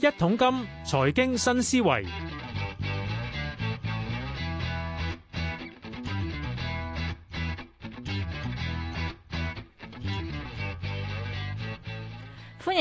一桶金，財經新思維。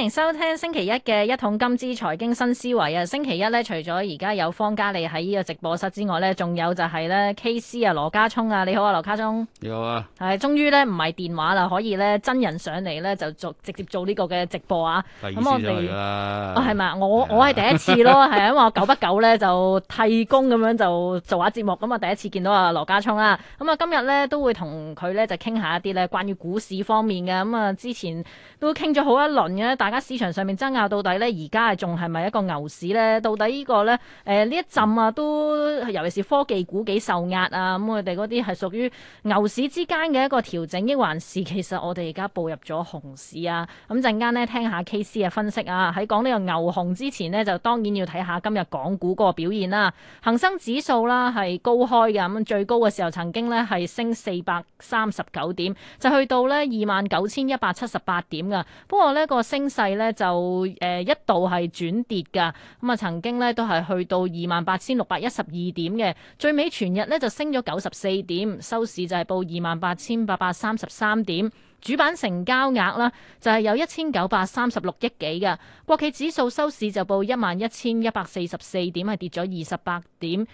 收聽星期一嘅一桶金之財經新思維啊！星期一咧，除咗而家有方嘉利喺呢個直播室之外咧，仲有就係咧 K C 啊羅家聰啊！你好啊羅家聰，聰你好啊，係、哎、終於咧唔係電話啦，可以咧真人上嚟咧，就做直接做呢個嘅直播啊！咁二我哋係咪我 Yeah. 我係第一次咯，係 因為我久不久咧就替工咁樣就做下節目，咁、嗯、啊第一次見到啊羅家聰啦、啊，咁、嗯、啊今日咧都會同佢咧就傾下一啲咧關於股市方面嘅，咁、嗯、啊之前都傾咗好一輪嘅，但而家市場上面爭拗到底呢，而家係仲係咪一個牛市呢？到底呢、呢個呢？誒、呃、呢一陣啊，都尤其是科技股幾受壓啊，咁佢哋嗰啲係屬於牛市之間嘅一個調整，抑還是其實我哋而家步入咗熊市啊？咁陣間呢，聽下 K C 嘅分析啊，喺講呢個牛熊之前呢，就當然要睇下今日港股嗰個表現啦。恒生指數啦係高開嘅，咁最高嘅時候曾經呢，係升四百三十九點，就去到呢二萬九千一百七十八點嘅。不過呢、呢個升係呢就誒一度係轉跌㗎，咁啊曾經呢都係去到二萬八千六百一十二點嘅，最尾全日呢就升咗九十四點，收市就係報二萬八千八百三十三點。主板成交額啦就係有一千九百三十六億幾嘅，國企指數收市就報一萬一千一百四十四點，係跌咗二十八點。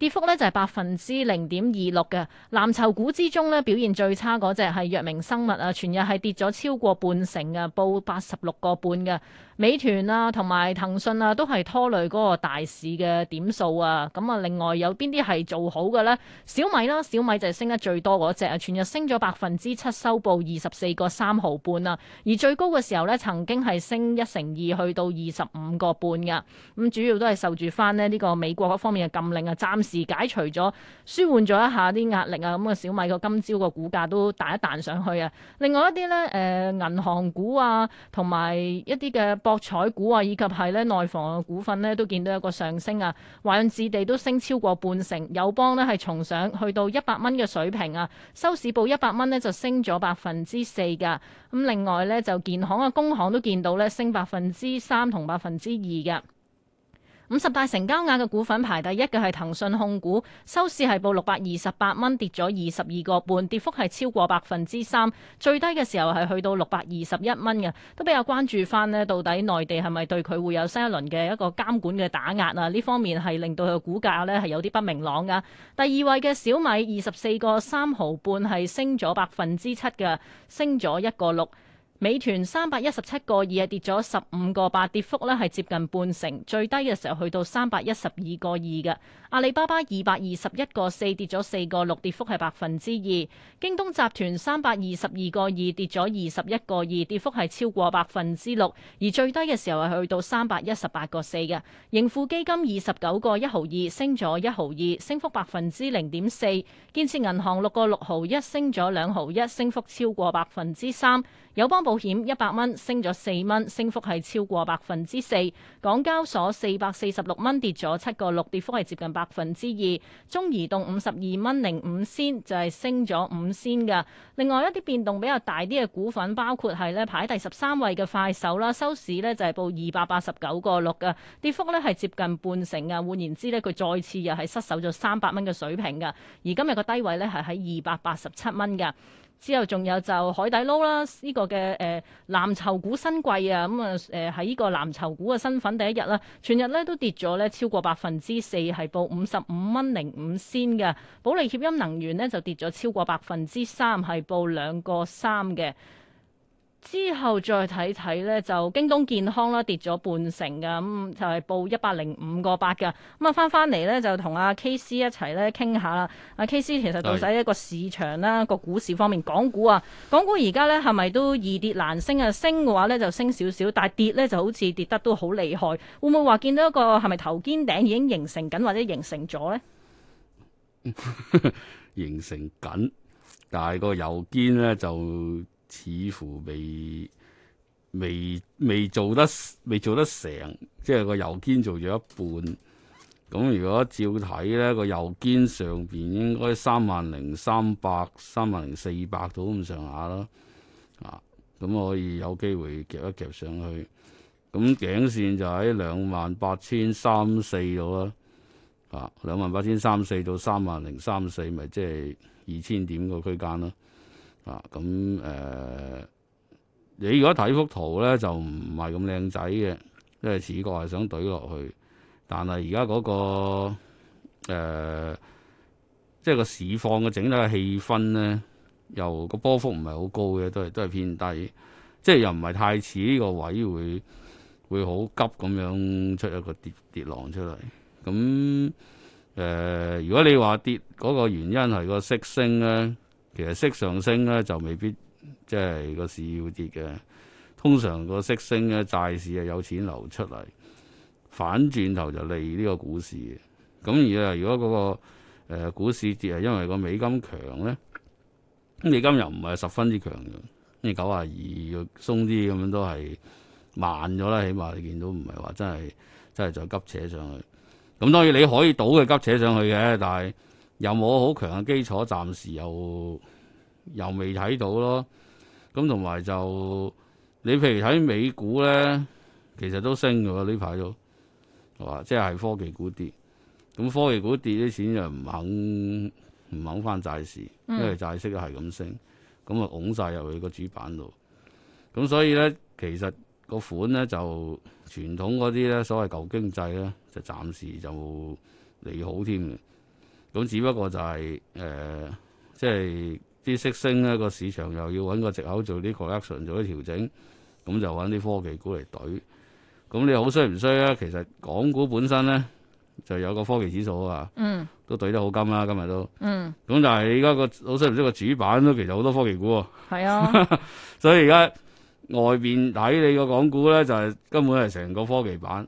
跌幅咧就係百分之零點二六嘅。藍籌股之中咧，表現最差嗰隻係藥明生物啊，全日係跌咗超過半成嘅，報八十六個半嘅。美團啊，同埋騰訊啊，都係拖累嗰個大市嘅點數啊。咁、嗯、啊，另外有邊啲係做好嘅呢？小米啦、啊，小米就係升得最多嗰隻啊，全日升咗百分之七，收報二十四個三毫半啦。而最高嘅時候呢，曾經係升一成二，去到二十五個半嘅。咁、嗯、主要都係受住翻呢呢個美國嗰方面嘅禁令啊，暫時解除咗，舒緩咗一下啲壓力啊。咁、嗯、啊，小米個今朝個股價都彈一彈上去啊。另外一啲呢，誒、呃、銀行股啊，同埋一啲嘅。博彩股啊，以及係咧內房嘅股份咧，都見到一個上升啊。華潤置地都升超過半成，友邦咧係重上去到一百蚊嘅水平啊。收市報一百蚊咧就升咗百分之四噶。咁另外咧就建行啊、工行都見到咧升百分之三同百分之二嘅。五十大成交額嘅股份排第一嘅係騰訊控股，收市係報六百二十八蚊，跌咗二十二個半，跌幅係超過百分之三，最低嘅時候係去到六百二十一蚊嘅，都比較關注翻呢，到底內地係咪對佢會有新一輪嘅一個監管嘅打壓啊？呢方面係令到佢嘅股價呢係有啲不明朗噶。第二位嘅小米二十四個三毫半係升咗百分之七嘅，升咗一個六。美團三百一十七個二啊，跌咗十五個八，跌幅咧係接近半成，最低嘅時候去到三百一十二個二嘅。阿里巴巴二百二十一個四跌咗四個六，跌幅係百分之二。京東集團三百二十二個二跌咗二十一個二，跌幅係超過百分之六。而最低嘅時候係去到三百一十八個四嘅。盈富基金二十九個一毫二升咗一毫二，升幅百分之零點四。建設銀行六個六毫一升咗兩毫一，升幅超過百分之三。友邦保險一百蚊升咗四蚊，升幅係超過百分之四。港交所四百四十六蚊跌咗七個六，跌, 6, 跌幅係接近百。百分之二，中移動五十二蚊零五仙就係、是、升咗五仙嘅。另外一啲變動比較大啲嘅股份，包括係呢排第十三位嘅快手啦，收市呢，就係報二百八十九個六嘅，跌幅呢係接近半成啊。換言之呢，佢再次又係失守咗三百蚊嘅水平噶，而今日個低位呢，係喺二百八十七蚊嘅。之後仲有就海底撈啦，呢、這個嘅誒、呃、藍籌股新貴啊，咁啊誒喺呢個藍籌股嘅身份第一日啦，全日咧都跌咗咧超過百分之四，係報五十五蚊零五仙嘅。保利協鑫能源呢，就跌咗超過百分之三，係報兩個三嘅。之後再睇睇呢，就京東健康啦，跌咗半成噶，咁、嗯、就係報一百零五個八噶。咁、嗯、啊，翻翻嚟呢，就同阿 K C 一齊呢傾下啦。阿對、啊、K C 其實到底一個市場啦，個股市方面，港股啊，港股而家呢，係咪都易跌難升啊？升嘅話呢，就升少少，但係跌呢，就好似跌得都好厲害。會唔會話見到一個係咪頭肩頂已經形成緊，或者形成咗呢？ 形成緊，但係個右肩呢，就。似乎未未未做得未做得成，即係個右肩做咗一半。咁如果照睇呢個右肩上邊應該三萬零三百、三萬零四百到咁上下啦。啊，咁可以有機會夾一夾上去。咁頸線就喺兩萬八千三四度啦。啊，兩萬八千三四到三萬零三四，咪即係二千點個區間咯。啊，咁誒、呃，你如果睇幅圖咧，就唔係咁靚仔嘅，即係始終係想懟落去，但係而家嗰個、呃、即係個市況嘅整體氣氛咧，又個波幅唔係好高嘅，都係都係偏低，即係又唔係太似呢個位會會好急咁樣出一個跌跌浪出嚟。咁誒、呃，如果你話跌嗰、嗰個原因係個息升咧？其實息上升咧就未必即係個市要跌嘅，通常個息升咧債市係有錢流出嚟，反轉頭就利呢個股市。咁而啊，如果嗰、那個誒、呃、股市跌係因為個美金強咧，咁美金又唔係十分之強嘅，咁九啊二鬆啲咁樣都係慢咗啦，起碼你見到唔係話真係真係再急扯上去。咁當然你可以倒嘅急扯上去嘅，但係。又冇好強嘅基礎，暫時又又未睇到咯。咁同埋就你譬如睇美股咧，其實都升嘅喎，呢排都係嘛，即係科技股跌。咁科技股跌啲錢又唔肯唔肯翻債市，因為債息又係咁升，咁啊拱晒入去個主板度。咁所以咧，其實個款咧就傳統嗰啲咧，所謂舊經濟咧，就暫時就利好添嘅。咁只不過就係、是、誒、呃，即係啲息升咧，個市場又要揾個藉口做啲 collection 做啲調整，咁就揾啲科技股嚟懟。咁你好衰唔衰啊？其實港股本身咧就有個科技指數啊，嗯，都懟得好金啦，今日都，嗯，咁就係而家個好衰唔衰個主板都其實好多科技股喎，係啊， 所以而家外邊睇你個港股咧，就係、是、根本係成個科技板。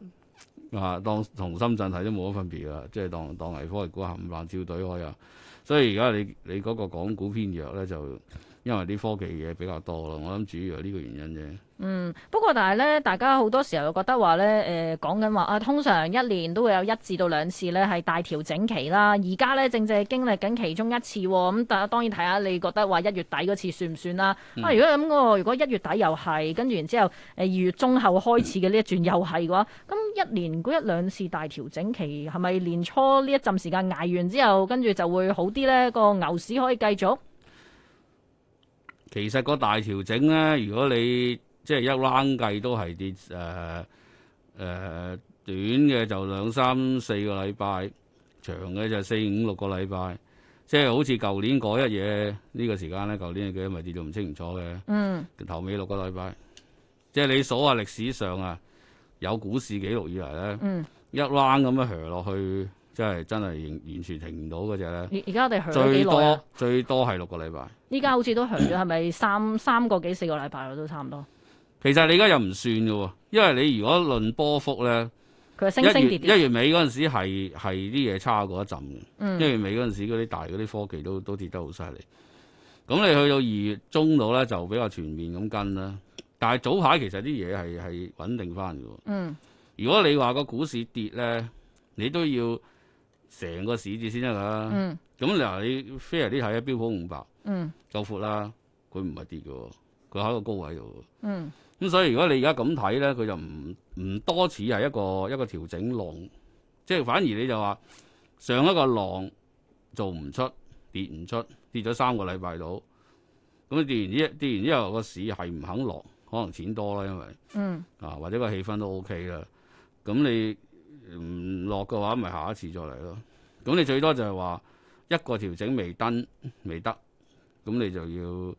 啊，當同深圳睇都冇乜分別㗎，即係當當係科技股唔萬照對開啊，所以而家你你嗰個港股偏弱咧就，因為啲科技嘢比較多咯，我諗主要係呢個原因啫。嗯，不過但係咧，大家好多時候又覺得話咧，誒、呃、講緊話啊，通常一年都會有一至到兩次咧係大調整期啦。而家咧正正經歷緊其中一次喎、喔。咁但係當然睇下你覺得話一月底嗰次算唔算啦、啊？嗯、啊，如果咁嗰、嗯、如果一月底又係跟住然之後誒、呃、二月中後開始嘅呢一轉又係嘅話，咁 一年嗰一兩次大調整期係咪年初呢一陣時間捱完之後，跟住就會好啲咧？個牛市可以繼續。其實個大調整咧，如果你即係一欄計都係跌誒誒、呃呃、短嘅就兩三四個禮拜，長嘅就四五六個禮拜，即係好似舊年嗰一嘢呢、呢個時間咧，舊年嘅幾咪跌到唔清唔楚嘅。嗯、頭尾六個禮拜，即係你數吓歷史上啊有股市記錄以嚟咧，嗯、一欄咁樣斜落去。即係真係完全停唔到嗰隻咧。而家我哋長咗幾耐？最多係六個禮拜。依家好似都長咗，係咪 三三個幾、四個禮拜咯？都差唔多。其實你而家又唔算嘅喎，因為你如果論波幅咧，升升跌跌。一月尾嗰陣時係啲嘢差過一陣嘅。嗯、一月尾嗰陣時嗰啲大嗰啲科技都都跌得好犀利。咁你去到二月中度咧就比較全面咁跟啦。但係早排其實啲嘢係係穩定翻嘅喎。嗯。如果你話個股市跌咧，你都要。成個市跌先得㗎，咁、嗯嗯、你話你 fair 啲係啊，標普五百、嗯，夠闊啦，佢唔係跌嘅，佢喺個高位度。咁、嗯、所以如果你而家咁睇咧，佢就唔唔多似係一個一個調整浪，即係反而你就話上一個浪做唔出，跌唔出，跌咗三個禮拜到，咁跌完一跌完之後個市係唔肯落，可能錢多啦，因為、嗯、啊或者個氣氛都 O K 啦，咁你。唔落嘅話，咪、就是、下一次再嚟咯。咁你最多就係話一個調整未登未得，咁你就要誒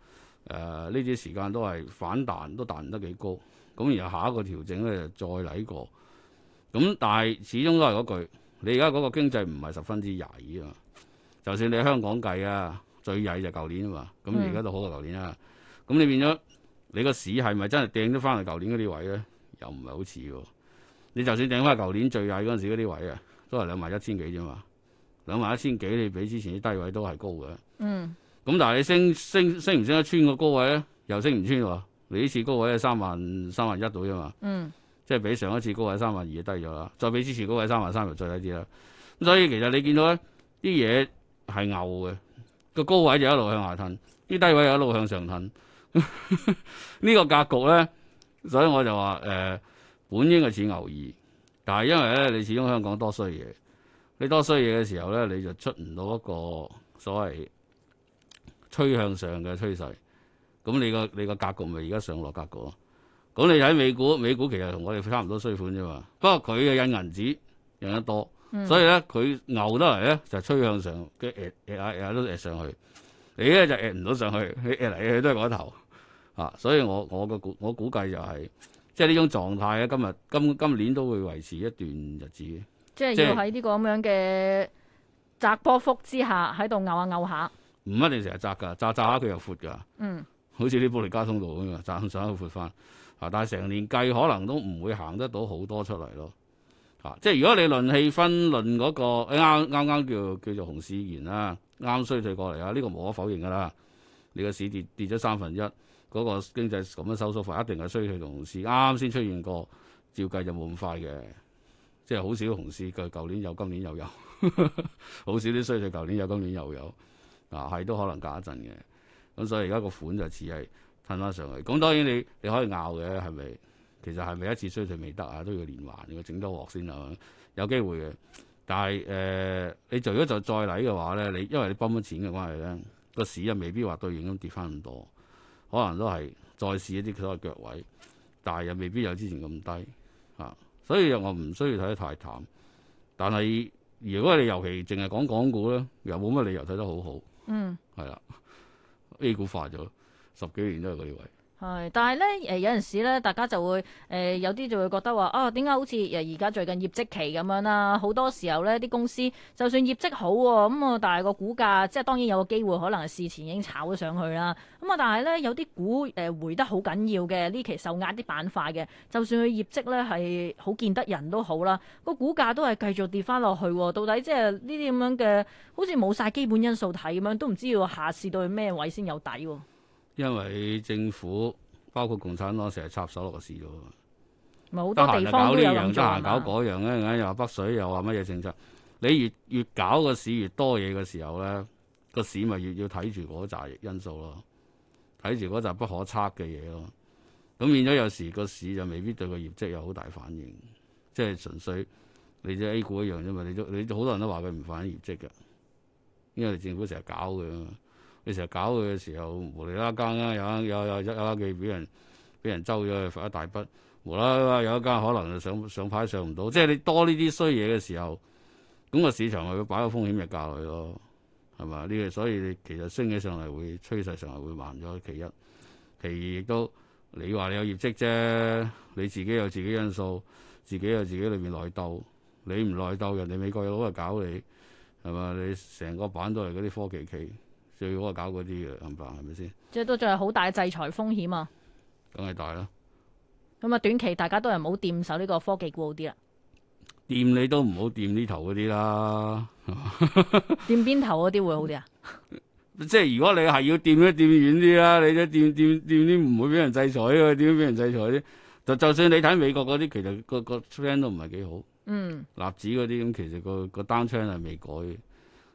呢啲時間都係反彈，都彈唔得幾高。咁然後下一個調整咧就再嚟過。咁但係始終都係嗰句，你而家嗰個經濟唔係十分之曳啊。就算你喺香港計啊，最曳就舊年啊嘛。咁而家都好過舊年啦。咁你變咗你個市係咪真係掟咗翻去舊年嗰啲位咧？又唔係好似。你就算頂返舊年最矮嗰陣時嗰啲位啊，都係兩萬一千幾啫嘛，兩萬一千幾，你比之前啲低位都係高嘅。嗯。咁但係你升升升唔升得穿個高位咧？又升唔穿喎。你呢次高位係三萬三萬一度啫嘛。嗯。即係比上一次高位三萬二就低咗啦，再比之前高位三萬三就最低啲啦。咁所以其實你見到咧，啲嘢係牛嘅，個高位就一路向下褪，啲低位又一路向上褪。呢 個格局咧，所以我就話誒。呃本應係似牛二，但係因為咧，你始終香港多衰嘢，你多衰嘢嘅時候咧，你就出唔到一個所謂趨向上嘅趨勢。咁你個你個格局咪而家上落格局咯？咁你睇美股，美股其實同我哋差唔多衰款啫嘛。不過佢嘅印銀紙印得多，嗯、所以咧佢牛得嚟咧就趨向上嘅，誒誒下誒都誒上去。你咧就誒唔到上去，誒嚟誒去都係嗰頭啊。所以我我個估我估計就係、是。即係呢種狀態咧、啊，今日今今年都會維持一段日子。即係要喺呢個咁樣嘅窄波幅之下，喺度拗下拗下。唔一定成日窄㗎，窄窄下佢又闊㗎。嗯。好似啲保利交通道咁啊，窄上成都闊翻。啊，但係成年計可能都唔會行得到好多出嚟咯。啊，即係如果你論氣氛，論嗰、那個啱啱啱叫叫做熊市現啦，啱衰退過嚟啦，呢、這個無可否認㗎啦。你個市跌跌咗三分一。嗰個經濟咁樣收縮快，一定係衰退同熊市啱啱先出現過，照計就冇咁快嘅，即係好少熊市嘅。舊年有，今年又有，好 少啲衰退。舊年有，今年又有，嗱、啊、係都可能隔一陣嘅。咁、啊、所以而家個款就只係噴翻上去。咁當然你你可以拗嘅，係咪？其實係咪一次衰退未得啊？都要連環嘅，整多鑊先啊！有機會嘅，但係誒、呃，你做咗就再嚟嘅話咧，你因為你泵咗錢嘅關係咧，個市又未必話對應咁跌翻咁多。可能都係再試一啲所謂腳位，但係又未必有之前咁低嚇，所以又我唔需要睇得太淡。但係如果你尤其淨係講港股咧，又冇乜理由睇得好好。嗯，係啦，A 股快咗十幾年都係嗰啲位。係，但係咧，誒、呃、有陣時咧，大家就會誒、呃、有啲就會覺得話，啊點解好似誒而家最近業績期咁樣啦、啊？好多時候咧，啲公司就算業績好喎，咁啊，但係個股價即係當然有個機會，可能係事前已經炒咗上去啦。咁啊，但係咧有啲股誒回得好緊要嘅呢期受壓啲板塊嘅，就算佢業績咧係好見得人都好啦、啊，個股價都係繼續跌翻落去、啊。到底即係呢啲咁樣嘅，好似冇晒基本因素睇咁樣，都唔知要下試到去咩位先有底喎、啊？因為政府包括共產黨成日插手落個市㗎嘛，得閒就搞呢樣，得閒搞嗰樣咧，啊，又話北水，又話乜嘢政策。你越越搞個市越多嘢嘅時候咧，個市咪越要睇住嗰紮因素咯，睇住嗰紮不可測嘅嘢咯。咁變咗有時個市就未必對個業績有好大反應，即係純粹你隻 A 股一樣啫嘛。你都你好多人都話佢唔反映業績㗎，因為政府成日搞嘅。你成日搞佢嘅時候無釐啦間啦，有一有有有佢俾人俾人揪咗去，罰一大筆。無啦啦，有一間可能就上上牌上唔到，即係你多呢啲衰嘢嘅時候，咁個市場咪要擺個風險嘅價落去咯，係嘛？呢個所以你其實升起上嚟會趨勢上係會慢咗其一，其二亦都你話你有業績啫，你自己有自己因素，自己有自己裏邊內鬥，你唔內鬥，人哋美國佬又搞你，係嘛？你成個版都係嗰啲科技企。最好個搞嗰啲嘅，唔怕係咪先？即係都仲有好大制裁風險啊！梗係大啦。咁啊，短期大家都唔好掂手呢個科技股好啲啦？掂你都唔好掂呢頭嗰啲啦。掂邊頭嗰啲會好啲啊？ 即係如果你係要掂一掂遠啲啦。你都掂掂掂啲唔會俾人制裁啊，點會俾人制裁咧？就就算你睇美國嗰啲，其實、嗰個、嗰個 trend 都唔係幾好。嗯。納指嗰啲咁，其實個個 down trend 係未改，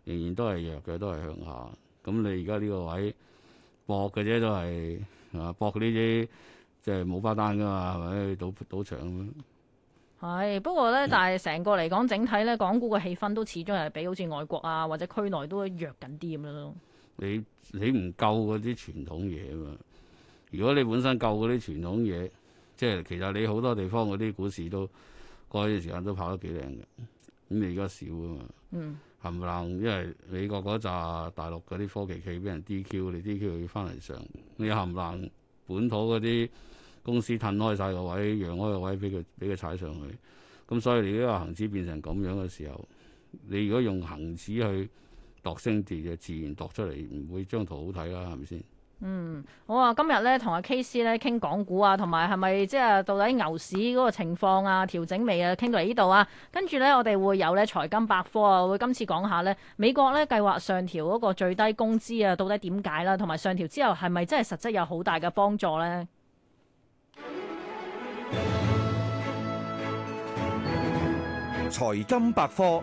仍然都係弱嘅，都係向下。咁你而家呢個位博嘅啫，都係啊，博呢啲即係冇花單噶嘛，係咪？賭賭場咁樣。係，不過咧，嗯、但係成個嚟講，整體咧，港股嘅氣氛都始終係比好似外國啊，或者區內都弱緊啲咁樣咯。你你唔夠嗰啲傳統嘢啊嘛？如果你本身夠嗰啲傳統嘢，即係其實你好多地方嗰啲股市都過去時間都跑得幾靚嘅，咁你而家少啊嘛。嗯。冚唪唥，因為美國嗰扎大陸嗰啲科技企俾人 DQ，你 DQ 佢翻嚟上，你冚唪唥，本土嗰啲公司褪開晒個位，讓開個位俾佢俾佢踩上去。咁所以你呢個恆指變成咁樣嘅時候，你如果用恆指去度升跌就自然度出嚟唔會張圖好睇啦，係咪先？嗯，好啊！今日咧同阿 KC 咧傾港股啊，同埋係咪即係到底牛市嗰個情況啊，調整未啊？傾到嚟呢度啊，跟住咧我哋會有咧財金百科啊，會今次講下咧美國咧計劃上調嗰個最低工資啊，到底點解啦？同埋上調之後係咪真係實質有好大嘅幫助咧？財金百科。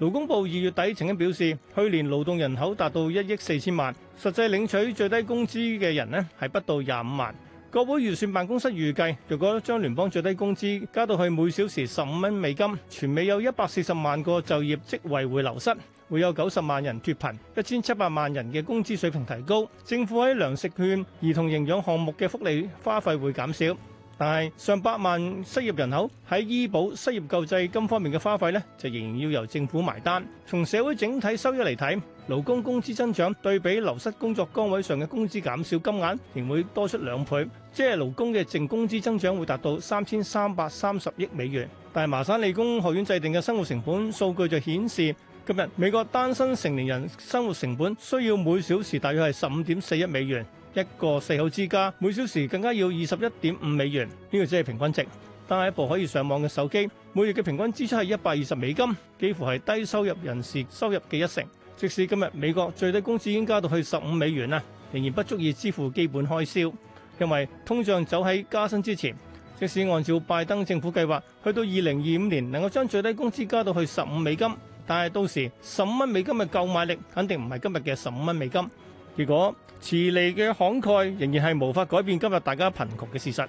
勞工部二月底曾經表示，去年勞動人口達到一億四千萬，實際領取最低工資嘅人呢係不到廿五萬。國會預算辦公室預計，如果將聯邦最低工資加到去每小時十五蚊美金，全美有一百四十萬個就業職位會流失，會有九十萬人脫貧，一千七百萬人嘅工資水平提高，政府喺糧食券、兒童營養項目嘅福利花費會減少。但係上百萬失業人口喺醫保失業救濟金方面嘅花費呢，就仍然要由政府埋單。從社會整體收益嚟睇，勞工工資增長對比流失工作崗位上嘅工資減少金額，仍會多出兩倍，即係勞工嘅淨工資增長會達到三千三百三十億美元。但係麻省理工學院制定嘅生活成本數據就顯示，今日美國單身成年人生活成本需要每小時大約係十五點四一美元。一個四口之家每小時更加要二十一點五美元，呢、這個只係平均值。但係一部可以上網嘅手機，每月嘅平均支出係一百二十美金，幾乎係低收入人士收入嘅一成。即使今日美國最低工資已經加到去十五美元啦，仍然不足以支付基本開銷。因為通脹走喺加薪之前，即使按照拜登政府計劃，去到二零二五年能夠將最低工資加到去十五美金，但係到時十五蚊美金嘅購買力肯定唔係今日嘅十五蚊美金。結果，遲嚟嘅慷慨仍然係無法改變今日大家貧窮嘅事實。